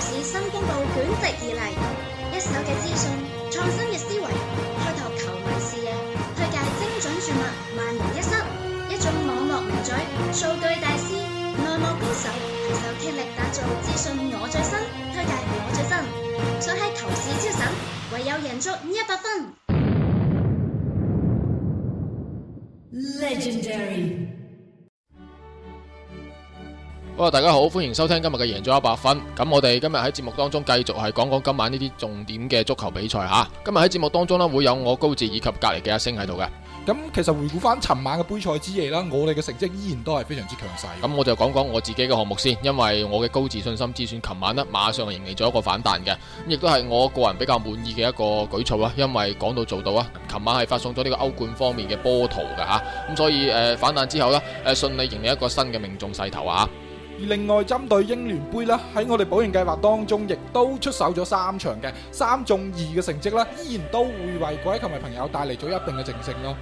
市新公報捲席而嚟，一手嘅資訊，創新嘅思維，開拓球迷視野，推介精準注物，萬無一失。一種網絡名嘴，數據大師，內幕高手，攜手傾力打造資訊我最新，推介我最新，想喺投市超神，唯有贏足 100FUN。Legendary。大家好，歡迎收聽今日嘅贏咗一百分。咁我哋今日喺節目當中繼續係講講今晚呢啲重點嘅足球比賽吓。今日喺節目當中呢，會有我高志以及隔籬嘅阿星喺度嘅。咁其實回顧翻尋晚嘅杯賽之夜啦，我哋嘅成績依然都係非常之強勢。咁我就講講我自己嘅項目先，因為我嘅高志信心之選，尋晚呢，馬上係迎嚟咗一個反彈嘅，咁亦都係我個人比較滿意嘅一個舉措啊。因為講到做到啊，尋晚係發送咗呢個歐冠方面嘅波圖嘅吓，咁所以誒反彈之後呢，誒順利迎嚟一個新嘅命中勢頭啊。而另外針對英聯盃啦，喺我哋保盈計劃當中亦都出手咗三場嘅三中二嘅成績啦，依然都會為各位球迷朋友帶嚟咗一定嘅正勝咯。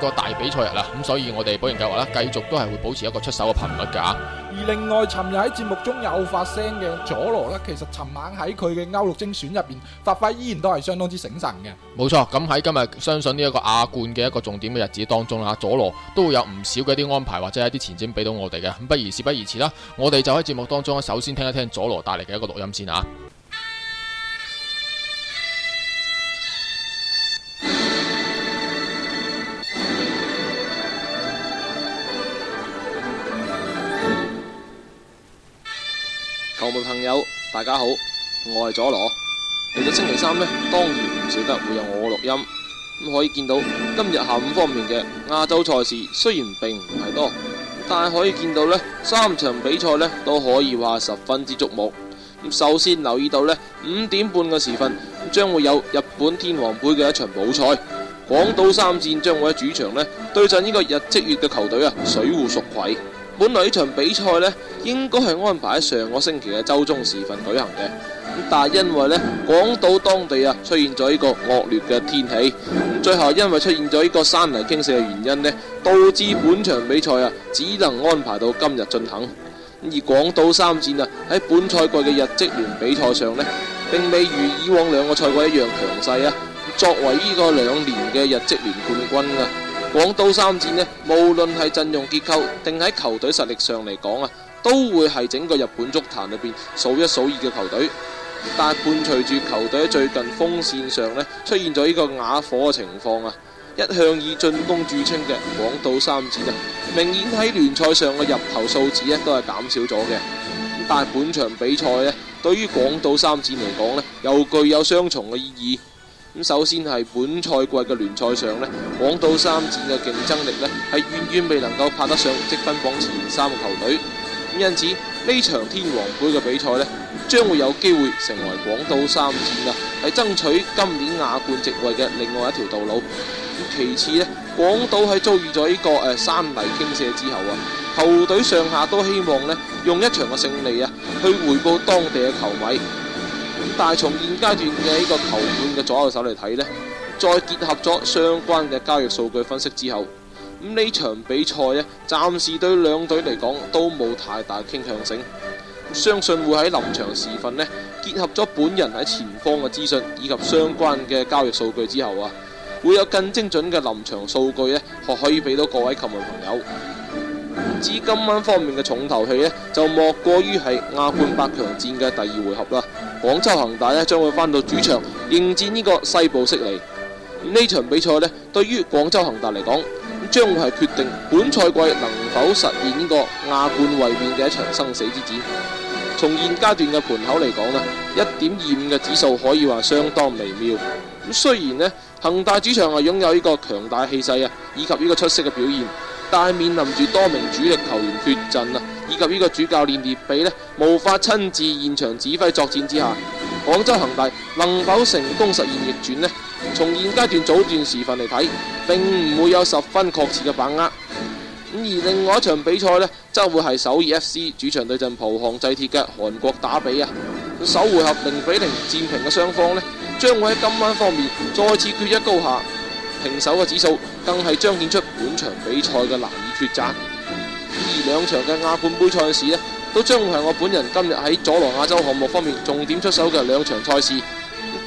一個大比賽日啦，咁所以我哋保盈計劃咧，繼續都係會保持一個出手嘅頻率噶。而另外，尋日喺節目中有發聲嘅佐羅咧，其實尋晚喺佢嘅歐陸精選入邊發揮依然都係相當之醒神嘅。冇錯，咁喺今日相信呢一個歐冠嘅一個重點嘅日子當中啊，佐羅都會有唔少嘅一啲安排或者係一啲前瞻俾到我哋嘅。咁不如事不宜遲啦，我哋就喺節目當中首先聽一聽佐羅帶嚟嘅一個錄音先啊。朋友，大家好，我係佐羅。嚟到星期三呢，當然唔少得會有我錄音。咁可以見到今日下午方面嘅亞洲賽事，雖然並唔係多，但係可以見到呢三場比賽呢都可以話十分之矚目。咁首先留意到呢五點半嘅時分，將會有日本天皇杯嘅一場補賽，廣島三箭將會喺主場呢對陣呢個日職乙嘅球隊啊，水戶蜀葵。本來呢場比賽咧，應該係安排喺上個星期嘅周中時份舉行嘅，但係因為呢，廣島當地啊出現咗呢個惡劣嘅天氣，最後因為出現咗呢個山泥傾瀉嘅原因呢，導致本場比賽啊只能安排到今日進行。而廣島三戰啊喺本賽季嘅日職聯比賽上呢，並未如以往兩個賽季一樣強勢啊，作為呢個兩年嘅日職聯冠軍啊。廣島三箭咧，無論係陣容結構定喺球隊實力上嚟講啊，都會係整個日本足壇裏邊數一數二嘅球隊。但係伴隨住球隊最近鋒線上咧出現咗呢個啞火嘅情況啊，一向以進攻著稱嘅廣島三箭啊，明顯喺聯賽上嘅入球數字咧都係減少咗嘅。但係本場比賽咧，對於廣島三箭嚟講咧，又具有雙重嘅意義。咁首先係本賽季嘅聯賽上呢，廣島三戰嘅競爭力咧係遠遠未能夠拍得上積分榜前三嘅球隊，因此呢場天皇杯嘅比賽咧，將會有機會成為廣島三戰啊，係爭取今年亞冠席位嘅另外一條道路。其次呢，廣島喺遭遇咗呢個誒山泥傾瀉之後啊，球隊上下都希望呢，用一場嘅勝利啊，去回報當地嘅球迷。但係從現階段嘅呢個球盤嘅左右手嚟睇咧，再結合咗相關嘅交易數據分析之後，咁呢場比賽咧，暫時對兩隊嚟講都冇太大傾向性。相信會喺臨場時份咧，結合咗本人喺前方嘅資訊以及相關嘅交易數據之後啊，會有更精準嘅臨場數據咧，可可以俾到各位球迷朋友。至今晚方面嘅重頭戲咧，就莫過於係亞冠八強戰嘅第二回合啦。廣州恆大咧將會翻到主場迎戰呢個西部悉尼。咁呢場比賽咧，對於廣州恆大嚟講，將會係決定本賽季能否實現呢個亞冠衛冕嘅一場生死之戰。從現階段嘅盤口嚟講咧，一點二五嘅指數可以話相當微妙。雖然咧恆大主場係擁有呢個強大氣勢啊，以及呢個出色嘅表現。但係面臨住多名主力球員缺陣啦，以及呢個主教練列比咧無法親自現場指揮作戰之下，廣州恒大能否成功實現逆轉呢？從現階段早段時份嚟睇，並唔會有十分確切嘅把握。咁而另外一場比賽呢，則會係首爾 FC 主場對陣浦項製鐵嘅韓國打比啊！首回合零比零戰平嘅雙方呢，將會喺今晚方面再次決一高下。平手嘅指數更係彰顯出本場比賽嘅難以抉擇。而兩場嘅亞冠杯賽事呢，都將會係我本人今日喺佐羅亞洲項目方面重點出手嘅兩場賽事。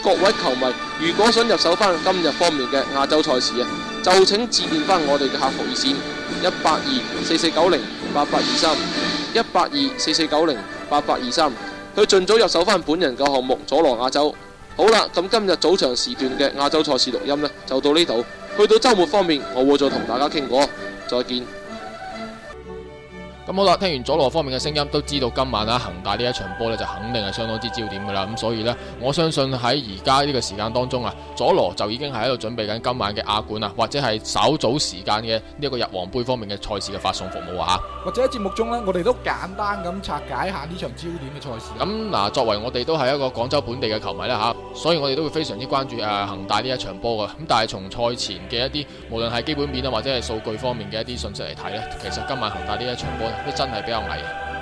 各位球迷，如果想入手翻今日方面嘅亞洲賽事啊，就請致電翻我哋嘅客服熱線一八二四四九零八八二三一八二四四九零八八二三，去盡早入手翻本人嘅項目佐羅亞洲。好啦，咁今日早場時段嘅亞洲賽事錄音呢，就到呢度。去到周末方面，我會再同大家傾過。再見。咁好啦，聽完佐羅方面嘅聲音，都知道今晚啊恒大呢一場波呢就肯定係相當之焦點噶啦，咁所以呢，我相信喺而家呢個時間當中啊，佐羅就已經係喺度準備緊今晚嘅亞冠啊，或者係稍早時間嘅呢個日皇杯方面嘅賽事嘅發送服務啊，吓。或者喺節目中呢，我哋都簡單咁拆解下呢場焦點嘅賽事。咁嗱，作為我哋都係一個廣州本地嘅球迷啦吓，所以我哋都會非常之關注誒恒大呢一場波噶。咁但係從賽前嘅一啲無論係基本面啊或者係數據方面嘅一啲信息嚟睇呢，其實今晚恒大呢一場波。真係比較危。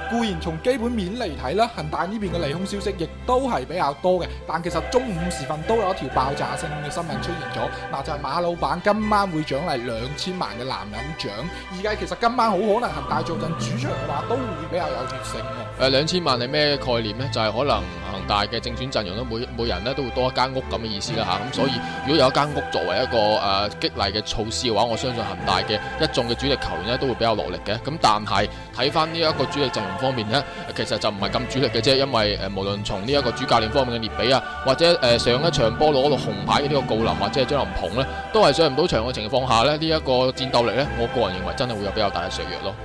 固然從基本面嚟睇啦，恒大呢邊嘅利空消息亦都係比較多嘅。但其實中午時分都有一條爆炸性嘅新聞出現咗，嗱，就係馬老闆今晚會獎勵兩千萬嘅男人獎。而家其實今晚好可能恒大做緊主場嘅話，都會比較有血性。誒、呃，兩千萬係咩概念呢？就係、是、可能。恒大嘅正選陣容咧，每每人咧都會多一間屋咁嘅意思啦吓，咁、啊、所以如果有一間屋作為一個誒、呃、激勵嘅措施嘅話，我相信恒大嘅一眾嘅主力球員咧都會比較落力嘅。咁、啊、但係睇翻呢一個主力陣容方面呢、啊，其實就唔係咁主力嘅啫，因為誒、呃、無論從呢一個主教練方面嘅列比啊，或者誒、呃、上一場波攞到紅牌嘅呢個郜林或者張琳芃呢，都係上唔到場嘅情況下呢。呢、這、一個戰鬥力呢，我個人認為真係會有比較大嘅削弱咯。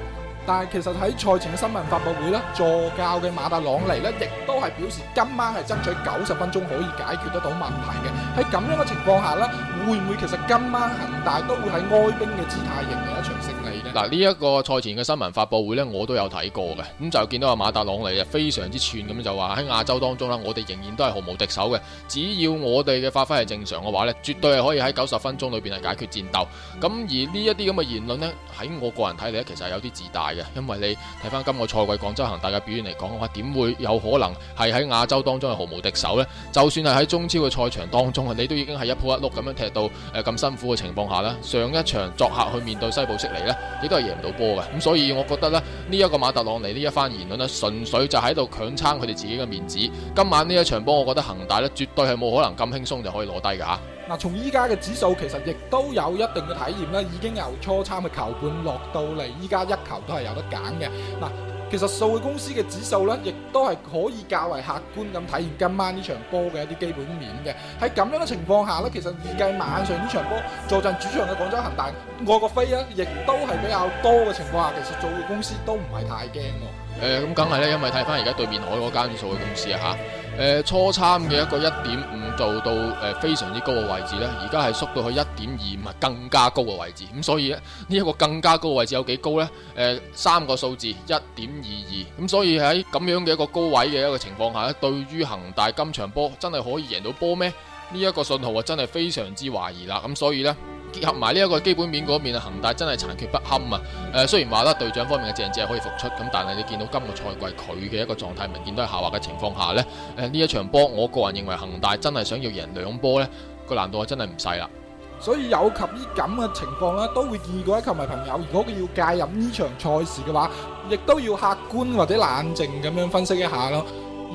但係其實喺賽前嘅新聞發佈會咧，助教嘅馬達朗尼咧，亦都係表示今晚係爭取九十分鐘可以解決得到問題嘅。喺咁樣嘅情況下咧，會唔會其實今晚恒大都會喺哀兵嘅姿態贏嚟一場勝。嗱，呢一個賽前嘅新聞發佈會呢，我都有睇過嘅，咁就見到阿馬達朗尼就非常之串咁就話喺亞洲當中啦，我哋仍然都係毫無敵手嘅，只要我哋嘅發揮係正常嘅話呢，絕對係可以喺九十分鐘裏邊係解決戰鬥。咁而呢一啲咁嘅言論呢，喺我個人睇嚟呢，其實係有啲自大嘅，因為你睇翻今個賽季廣州恒大嘅表現嚟講嘅話，點會有可能係喺亞洲當中係毫無敵手呢？就算係喺中超嘅賽場當中，你都已經係一鋪一碌咁樣踢到誒咁、呃、辛苦嘅情況下啦。上一場作客去面對西部悉尼呢，都係贏唔到波嘅，咁所以我覺得咧，呢、這、一個馬特朗尼呢一番言論咧，純粹就喺度強撐佢哋自己嘅面子。今晚呢一場波，我覺得恒大咧絕對係冇可能咁輕鬆就可以攞低噶。嗱，從依家嘅指數其實亦都有一定嘅體驗咧，已經由初參嘅球半落到嚟，依家一球都係有得揀嘅。嗱。其實數據公司嘅指數呢，亦都係可以較為客觀咁體現今晚呢場波嘅一啲基本面嘅。喺這樣嘅情況下呢，其實預計晚上呢場波坐鎮主場嘅廣州恒大，外國飛啊，亦都係比較多嘅情況下，其實數據公司都唔係太驚。誒、呃，咁梗係咧，因為睇翻而家對面海嗰間數據公司啊吓，誒、呃、初參嘅一個一點五度到誒、呃、非常之高嘅位置呢，而家係縮到去一點二五，更加高嘅位置，咁、嗯、所以呢一、這個更加高嘅位置有幾高呢？誒、呃、三個數字一點二二，咁、嗯、所以喺咁樣嘅一個高位嘅一個情況下呢，對於恆大今場波真係可以贏到波咩？呢、這、一個信號啊真係非常之懷疑啦，咁、嗯、所以呢。結合埋呢一個基本面嗰邊啊，恒大真係殘缺不堪啊！誒、呃，雖然話咧隊長方面嘅鄭智可以復出，咁但係你見到今個賽季佢嘅一個狀態明顯都係下滑嘅情況下呢。誒、呃、呢一場波，我個人認為恒大真係想要贏兩波呢，個難度係真係唔細啦。所以有及於咁嘅情況咧，都會建議各位球迷朋友，如果佢要介入呢場賽事嘅話，亦都要客觀或者冷靜咁樣分析一下咯。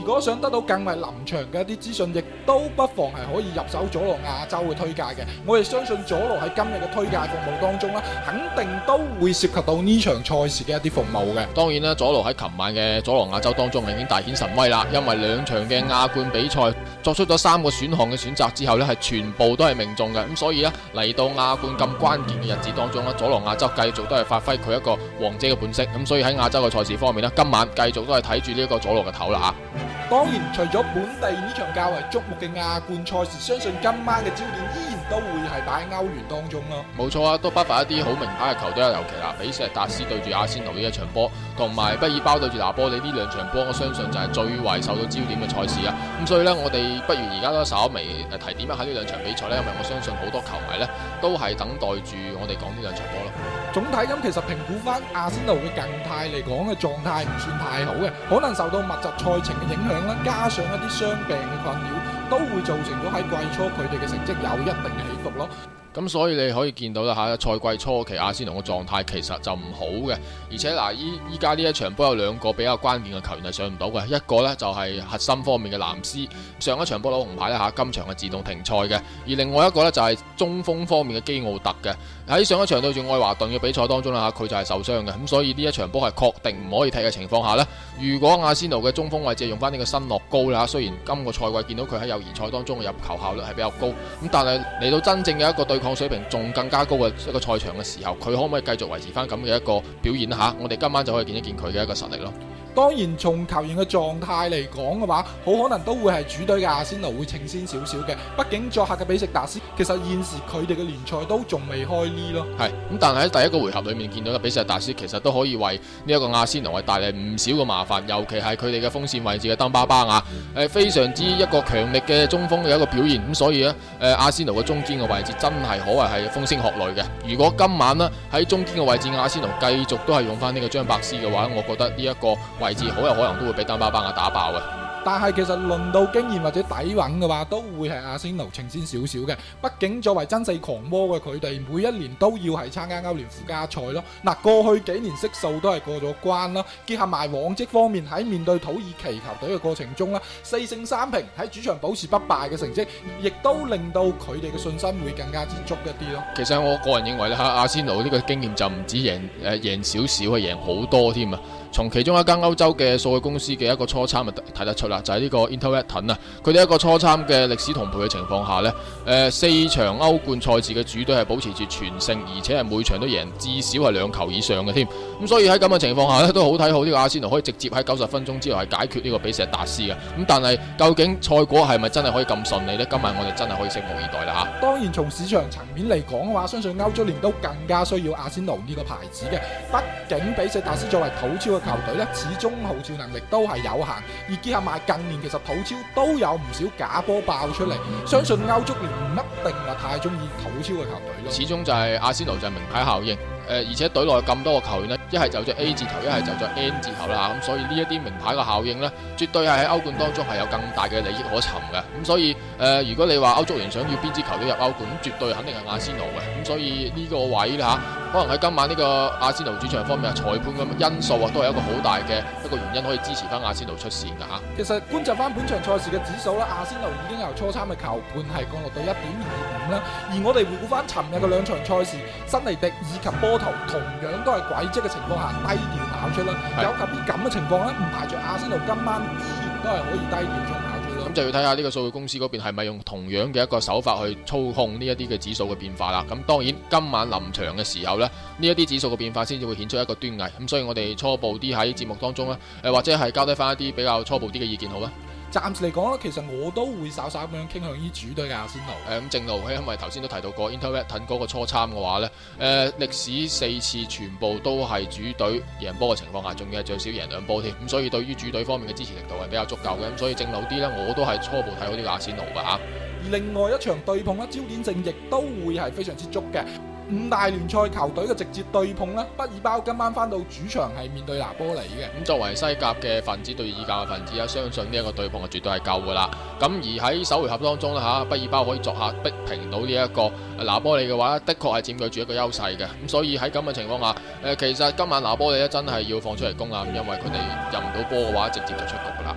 如果想得到更為臨場嘅一啲資訊，亦都不妨係可以入手佐羅亞洲嘅推介嘅。我哋相信佐羅喺今日嘅推介服務當中咧，肯定都會涉及到呢場賽事嘅一啲服務嘅。當然啦，佐羅喺琴晚嘅佐羅亞洲當中，已經大顯神威啦，因為兩場嘅亞冠比賽。作出咗三個選項嘅選擇之後咧，係全部都係命中嘅，咁所以咧，嚟到亞冠咁關鍵嘅日子當中咧，佐羅亞洲繼續都係發揮佢一個王者嘅本色，咁所以喺亞洲嘅賽事方面咧，今晚繼續都係睇住呢一個佐羅嘅頭啦吓，當然，除咗本地呢場較為矚目嘅亞冠賽事，相信今晚嘅焦點依然。都會係擺喺歐聯當中咯，冇錯啊，都不乏一啲好名牌嘅球隊啊，尤其啦，比石達斯對住阿仙奴呢一場波，同埋畢爾包對住拿波里呢兩場波，我相信就係最為受到焦點嘅賽事啊。咁所以呢，我哋不如而家都稍微提點一下呢兩場比賽呢，因為我相信好多球迷呢都係等待住我哋講呢兩場波咯。總體咁其實評估翻阿仙奴嘅近態嚟講嘅狀態唔算太好嘅，可能受到密集賽程嘅影響啦，加上一啲傷病嘅困擾。都會造成咗喺季初佢哋嘅成績有一定嘅起伏咯。咁所以你可以見到啦嚇，賽季初期阿仙奴嘅狀態其實就唔好嘅，而且嗱依依家呢一場波有兩個比較關鍵嘅球員係上唔到嘅，一個呢就係核心方面嘅藍斯，上一場波攞紅牌啦嚇，今場係自動停賽嘅；而另外一個呢，就係中鋒方面嘅基奧特嘅，喺上一場對住愛華頓嘅比賽當中啦嚇，佢就係受傷嘅，咁所以呢一場波係確定唔可以踢嘅情況下呢。如果阿仙奴嘅中鋒位置用翻呢個新洛高啦，雖然今個賽季見到佢喺友誼賽當中嘅入球效率係比較高，咁但係嚟到真正嘅一個對抗水平仲更加高嘅一個賽場嘅時候，佢可唔可以繼續維持翻咁嘅一個表現吓？我哋今晚就可以見一見佢嘅一個實力咯。當然，從球員嘅狀態嚟講嘅話，好可能都會係主隊嘅阿仙奴會稱先少少嘅。畢竟作客嘅比食達斯，其實現時佢哋嘅聯賽都仲未開呢咯。係咁，但喺第一個回合裡面見到嘅比食達斯其實都可以為呢一個阿仙奴係帶嚟唔少嘅麻煩。尤其係佢哋嘅鋒線位置嘅丹巴巴亞，誒、嗯、非常之一個強力嘅中鋒嘅一個表現。咁所以呢，誒、呃、阿仙奴嘅中堅嘅位置真係可謂係風聲鶴唳嘅。如果今晚呢，喺中堅嘅位置阿仙奴繼續都係用翻呢個張伯斯嘅話，我覺得呢、這、一個。位置好有可能都會俾丹巴巴亞打爆嘅。但係其實論到經驗或者底蘊嘅話，都會係阿仙奴強先少少嘅。畢竟作為真四狂魔嘅佢哋，每一年都要係參加歐聯附加賽咯。嗱，過去幾年色數都係過咗關啦。結合埋往績方面，喺面對土耳其球隊嘅過程中啦，四勝三平喺主場保持不敗嘅成績，亦都令到佢哋嘅信心會更加之足一啲咯。其實我個人認為咧，阿仙奴呢個經驗就唔止贏誒贏少少，係贏好多添啊！從其中一間歐洲嘅數據公司嘅一個初參咪睇得出。嗱，就係、是、呢個 Interwetten 啊，佢哋一個初參嘅歷史同盤嘅情況下呢，誒、呃、四場歐冠賽事嘅主隊係保持住全勝，而且係每場都贏至少係兩球以上嘅添。咁所以喺咁嘅情況下呢，都很看好睇好呢個阿仙奴可以直接喺九十分鐘之內係解決呢個比錫達斯嘅。咁但係究竟賽果係咪真係可以咁順利呢？今日我哋真係可以拭目以待啦嚇。當然從市場層面嚟講嘅話，相信歐足聯都更加需要阿仙奴呢個牌子嘅。畢竟比錫達斯作為土超嘅球隊呢，始終號召能力都係有限，而結合埋。近年其實土超都有唔少假波爆出嚟，相信歐足聯唔一定咪太中意土超嘅球隊咯。始終就係阿仙奴就係名牌效應，誒、呃、而且隊內咁多個球員呢，一係就着 A 字頭，一係就着 N 字頭啦，咁、啊、所以呢一啲名牌嘅效應呢，絕對係喺歐冠當中係有更大嘅利益可尋嘅。咁、啊、所以誒、呃，如果你話歐足聯想要邊支球隊入歐冠，咁絕對肯定係阿仙奴嘅。咁、啊、所以呢個位啦。可能喺今晚呢個亞仙奴主場方面啊，裁判嘅因素啊，都係一個好大嘅一個原因，可以支持翻亞仙奴出線㗎嚇。其實觀察翻本場賽事嘅指數啦，亞仙奴已經由初盤嘅球半係降落到一點二五啦。而我哋回顧翻尋日嘅兩場賽事，新尼迪以及波頭同樣都係軌跡嘅情況下，低調跑出啦，有及啲咁嘅情況咧，唔排除亞仙奴今晚依然都係可以低調出。就要睇下呢個數據公司嗰邊係咪用同樣嘅一個手法去操控呢一啲嘅指數嘅變化啦。咁當然今晚臨場嘅時候呢，呢一啲指數嘅變化先至會顯出一個端倪。咁所以我哋初步啲喺節目當中呢，誒或者係交低翻一啲比較初步啲嘅意見好啦。暫時嚟講咧，其實我都會稍稍咁樣傾向於主隊阿仙奴。咁正路，因為頭先都提到過 Interwetten 嗰個初參嘅話咧，誒、呃、歷史四次全部都係主隊贏波嘅情況下，仲要係最少贏兩波添。咁所以對於主隊方面嘅支持力度係比較足夠嘅。咁所以正路啲咧，我都係初步睇好啲阿仙奴㗎嚇。而另外一場對碰咧，焦點性亦都會係非常之足嘅。五大聯賽球隊嘅直接對碰呢，畢爾包今晚翻到主場係面對拿波利嘅。咁作為西甲嘅分子對意甲嘅分子，啊，相信呢一個對碰係絕對係夠噶啦。咁而喺首回合當中呢，嚇，畢爾包可以作客逼平到呢一個拿波利嘅話，的確係佔據住一個優勢嘅。咁所以喺咁嘅情況下，誒，其實今晚拿波利咧真係要放出嚟攻啦，因為佢哋入唔到波嘅話，直接就出局噶啦。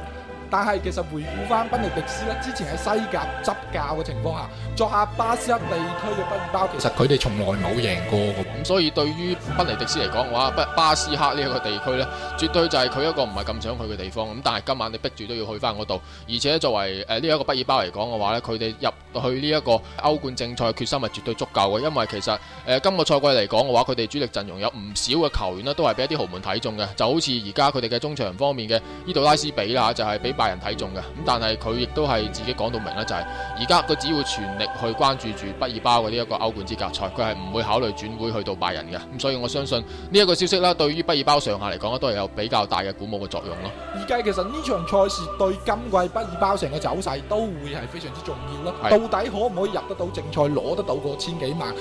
但係其實回顧翻賓尼迪斯咧，之前喺西甲執教嘅情況下，作下巴斯克地區嘅畢爾包其，其實佢哋從來冇贏過嘅。咁、嗯、所以對於賓尼迪斯嚟講，嘅話，巴斯克呢一個地區呢，絕對就係佢一個唔係咁想去嘅地方。咁但係今晚你逼住都要去翻嗰度，而且作為誒呢一個畢爾包嚟講嘅話呢，佢哋入去呢一個歐冠正賽的決心係絕對足夠嘅，因為其實誒、呃、今個賽季嚟講嘅話，佢哋主力陣容有唔少嘅球員咧，都係俾一啲豪門睇中嘅，就好似而家佢哋嘅中場方面嘅伊杜拉斯比啦，就係、是、俾拜仁睇中嘅，咁但係佢亦都係自己講到明啦，就係而家佢只會全力去關注住畢爾包嗰啲一個歐冠資格賽，佢係唔會考慮轉會去到拜仁嘅，咁所以我相信呢一個消息啦，對於畢爾包上下嚟講咧都係有比較大嘅鼓舞嘅作用咯。而家其實呢場賽事對今季畢爾包成個走勢都會係非常之重要咯，到底可唔可以入得到正賽，攞得到個千幾萬？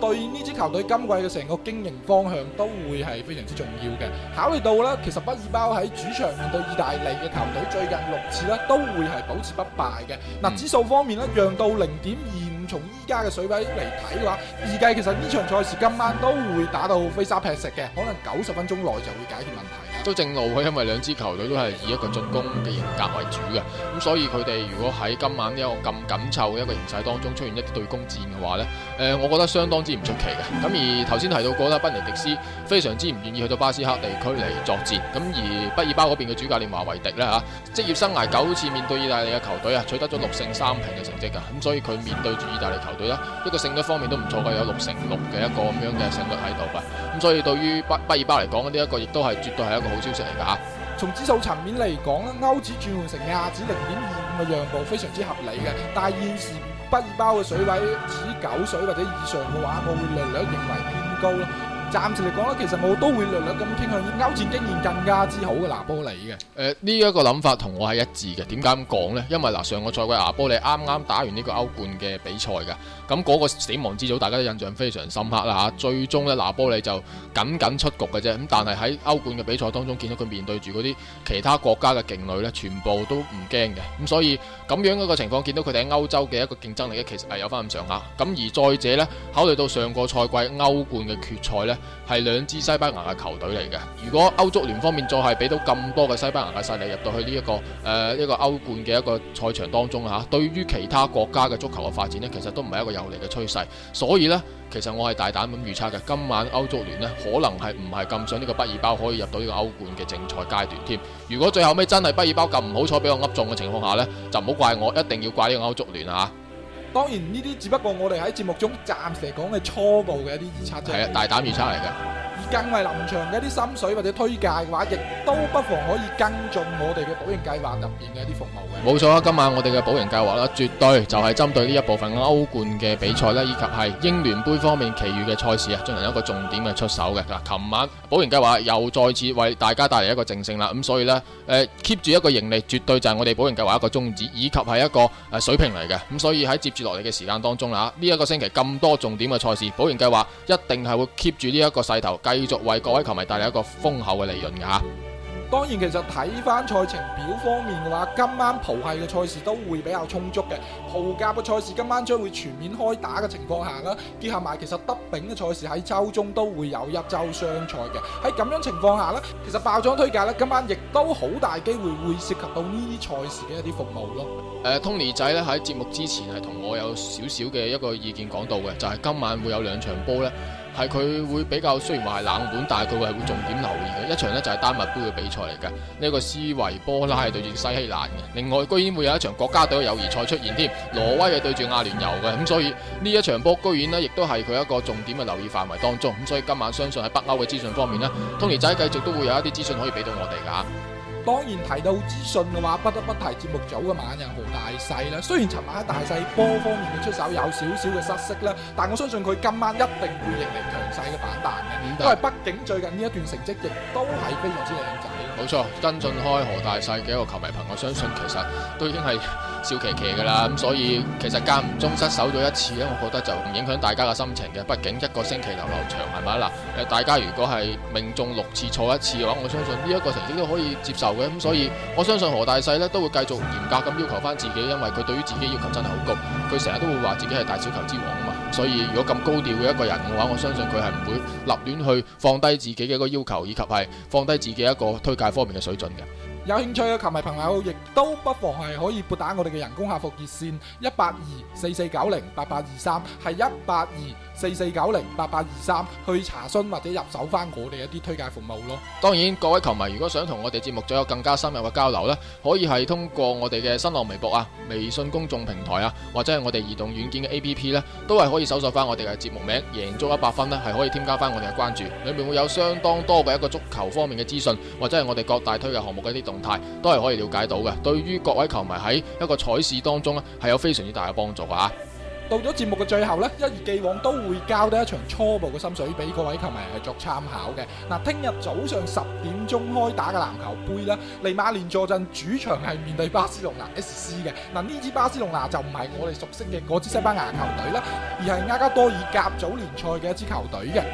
對呢支球隊今季嘅成個經營方向都會係非常之重要嘅。考慮到呢，其實畢爾包喺主場面對意大利嘅球隊最近六次呢都會係保持不敗嘅。嗱、嗯，指數方面呢，讓到零點二五，從依家嘅水位嚟睇嘅話，預計其實呢場賽事今晚都會打到飛沙劈石嘅，可能九十分鐘內就會解決問題。都正路佢，因為兩支球隊都係以一個進攻嘅型格為主嘅，咁所以佢哋如果喺今晚呢一個咁緊湊嘅一個形勢當中出現一對攻戰嘅話咧，誒、呃，我覺得相當之唔出奇嘅。咁而頭先提到過啦，賓尼迪斯非常之唔願意去到巴斯克地區嚟作戰。咁而畢爾巴嗰邊嘅主教練華維迪咧吓，職業生涯九次面對意大利嘅球隊啊，取得咗六勝三平嘅成績噶。咁所以佢面對住意大利球隊咧，一、這個勝率方面都唔錯嘅，有六成六嘅一個咁樣嘅勝率喺度嘅。咁所以對於畢畢爾巴嚟講呢一個亦都係絕對係一個好。好消息嚟噶吓，從指數層面嚟講咧，歐指轉換成的亞指零點二五嘅讓步非常之合理嘅，但係現時不包嘅水位指九水或者以上嘅話，我會略略認為偏高咯。暫時嚟講咧，其實我都會略略咁傾向於歐戰經驗更加之好嘅拿波里嘅。誒、呃，呢、這、一個諗法同我係一致嘅。點解咁講呢？因為嗱、呃，上個賽季拿波里啱啱打完呢個歐冠嘅比賽㗎，咁嗰個死亡之組大家都印象非常深刻啦嚇、啊。最終呢，拿波里就僅僅出局嘅啫。咁但係喺歐冠嘅比賽當中，見到佢面對住嗰啲其他國家嘅勁旅呢，全部都唔驚嘅。咁、啊、所以咁樣一個情況，見到佢哋喺歐洲嘅一個競爭力咧，其實係有翻咁上下。咁、啊、而再者呢，考慮到上個賽季歐冠嘅決賽咧。係兩支西班牙嘅球隊嚟嘅，如果歐足聯方面再係俾到咁多嘅西班牙嘅勢力入到去呢一個誒一、呃這個歐冠嘅一個賽場當中吓、啊，對於其他國家嘅足球嘅發展呢，其實都唔係一個有利嘅趨勢。所以呢，其實我係大膽咁預測嘅，今晚歐足聯呢，可能係唔係咁想呢個畢爾包可以入到呢個歐冠嘅正賽階段添。如果最後尾真係畢爾包咁唔好彩俾我噏中嘅情況下呢，就唔好怪我，一定要怪呢個歐足聯啊！當然呢啲只不過我哋喺節目中暫時講嘅初步嘅一啲預測，係啊，大膽預測嚟嘅。更為臨場嘅一啲心水或者推介嘅話，亦都不妨可以跟進我哋嘅保盈計劃入邊嘅一啲服務嘅。冇錯啊！今晚我哋嘅保盈計劃啦，絕對就係針對呢一部分歐冠嘅比賽啦，以及係英聯盃方面其餘嘅賽事啊，進行一個重點嘅出手嘅。嗱，琴晚保盈計劃又再次為大家帶嚟一個正勝啦，咁所以咧，誒 keep 住一個盈利，絕對就係我哋保盈計劃一個宗旨，以及係一個誒水平嚟嘅。咁所以喺接住落嚟嘅時間當中啊，呢一個星期咁多重點嘅賽事，保盈計劃一定係會 keep 住呢一個勢頭計。繼續為各位球迷帶嚟一個豐厚嘅利潤㗎。當然，其實睇翻賽程表方面嘅話，今晚葡系嘅賽事都會比較充足嘅。葡甲嘅賽事今晚將會全面開打嘅情況下啦，結合埋其實德丙嘅賽事喺周中都會有一周雙賽嘅。喺咁樣情況下咧，其實爆莊推介咧今晚，亦都好大機會會涉及到呢啲賽事嘅一啲服務咯。誒、呃、，Tony 仔咧喺節目之前係同我有少少嘅一個意見講到嘅，就係、是、今晚會有兩場波咧。係佢會比較，雖然話係冷門，但係佢係會重點留意嘅一場呢，就係丹麥杯嘅比賽嚟嘅。呢個斯維波拉係對住西西蘭嘅，另外居然會有一場國家隊嘅友誼賽出現添，挪威係對住阿聯酋嘅。咁所以呢一場波居然呢亦都係佢一個重點嘅留意範圍當中。咁所以今晚相信喺北歐嘅資訊方面呢，Tony 仔繼續都會有一啲資訊可以俾到我哋㗎。當然提到資訊嘅話，不得不提節目組嘅萬人何大細啦。雖然尋晚喺大細波方面嘅出手有少少嘅失色啦，但我相信佢今晚一定會迎嚟強勢嘅反彈嘅，因為畢竟最近呢一段成績亦都係非常之靚仔。冇錯，跟進開何大細嘅一個球迷朋友，我相信其實都已經係。少騎騎嘅啦，咁、嗯、所以其實間唔中失手咗一次，我覺得就唔影響大家嘅心情嘅。畢竟一個星期流流長，係咪啊？嗱，誒大家如果係命中六次錯一次嘅話，我相信呢一個成績都可以接受嘅。咁、嗯、所以我相信何大世咧都會繼續嚴格咁要求翻自己，因為佢對於自己要求真係好高。佢成日都會話自己係大小球之王啊嘛。所以如果咁高調嘅一個人嘅話，我相信佢係唔會立亂去放低自己嘅一個要求，以及係放低自己一個推介方面嘅水準嘅。有興趣嘅球迷朋友，亦都不妨係可以撥打我哋嘅人工客服熱線一八二四四九零八八二三，係一八二四四九零八八二三去查詢或者入手翻我哋一啲推介服務咯。當然，各位球迷如果想同我哋節目再有更加深入嘅交流呢，可以係通過我哋嘅新浪微博啊、微信公眾平台啊，或者係我哋移動軟件嘅 A P P 呢，都係可以搜索翻我哋嘅節目名《贏足一百分》呢，係可以添加翻我哋嘅關注，裏面會有相當多嘅一個足球方面嘅資訊，或者係我哋各大推介項目嘅啲動態都係可以了解到嘅，對於各位球迷喺一個賽事當中咧，係有非常之大嘅幫助的，啊。到咗節目嘅最後，一如既往都會交低一場初步嘅心水俾各位球迷係作參考嘅。嗱，聽日早上十點鐘開打嘅籃球杯咧，利馬連坐陣主場係面對巴斯隆拿 S C 嘅。嗱，呢支巴斯隆拿就唔係我哋熟悉嘅嗰支西班牙球隊啦，而係阿加多爾甲組聯賽嘅一支球隊嘅。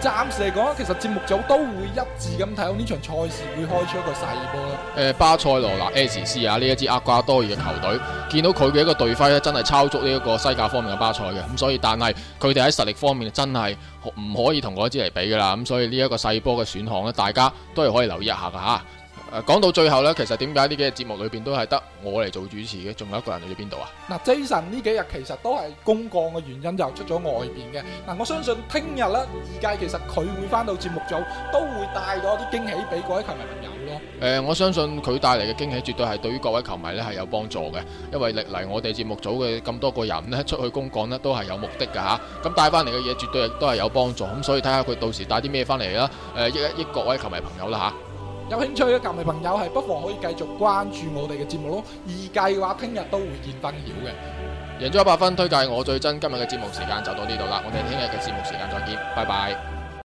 暫時嚟講，其實節目組都會一致咁睇到呢場賽事會開出一個細波咯。誒、呃，巴塞羅那，SC 啊呢一支厄瓜多爾嘅球隊，見到佢嘅一個隊徽咧，真係抄足呢一個西甲方面嘅巴塞嘅，咁、嗯、所以但係佢哋喺實力方面真係唔可以同嗰一支嚟比噶啦，咁、嗯、所以呢一個細波嘅選項咧，大家都係可以留意一下噶吓。啊誒，講到最後咧，其實點解呢幾日節目裏邊都係得我嚟做主持嘅？仲有一個人去咗邊度啊？嗱，Jason 呢幾日其實都係公幹嘅原因就出咗外邊嘅。嗱，我相信聽日咧，而家其實佢會翻到節目組，都會帶咗啲驚喜俾各位球迷朋友咯。誒，我相信佢帶嚟嘅驚喜絕對係對於各位球迷咧係有幫助嘅，因為歷嚟我哋節目組嘅咁多個人咧出去公幹咧都係有目的㗎吓，咁帶翻嚟嘅嘢絕對亦都係有幫助，咁所以睇下佢到時帶啲咩翻嚟啦，誒，益一益各位球迷朋友啦吓。有興趣嘅球迷朋友係不妨可以繼續關注我哋嘅節目咯，二屆嘅話聽日都會見分曉嘅。贏咗 100FUN 推介我最真，今日嘅節目時間就到呢度啦，我哋聽日嘅節目時間再見，拜拜。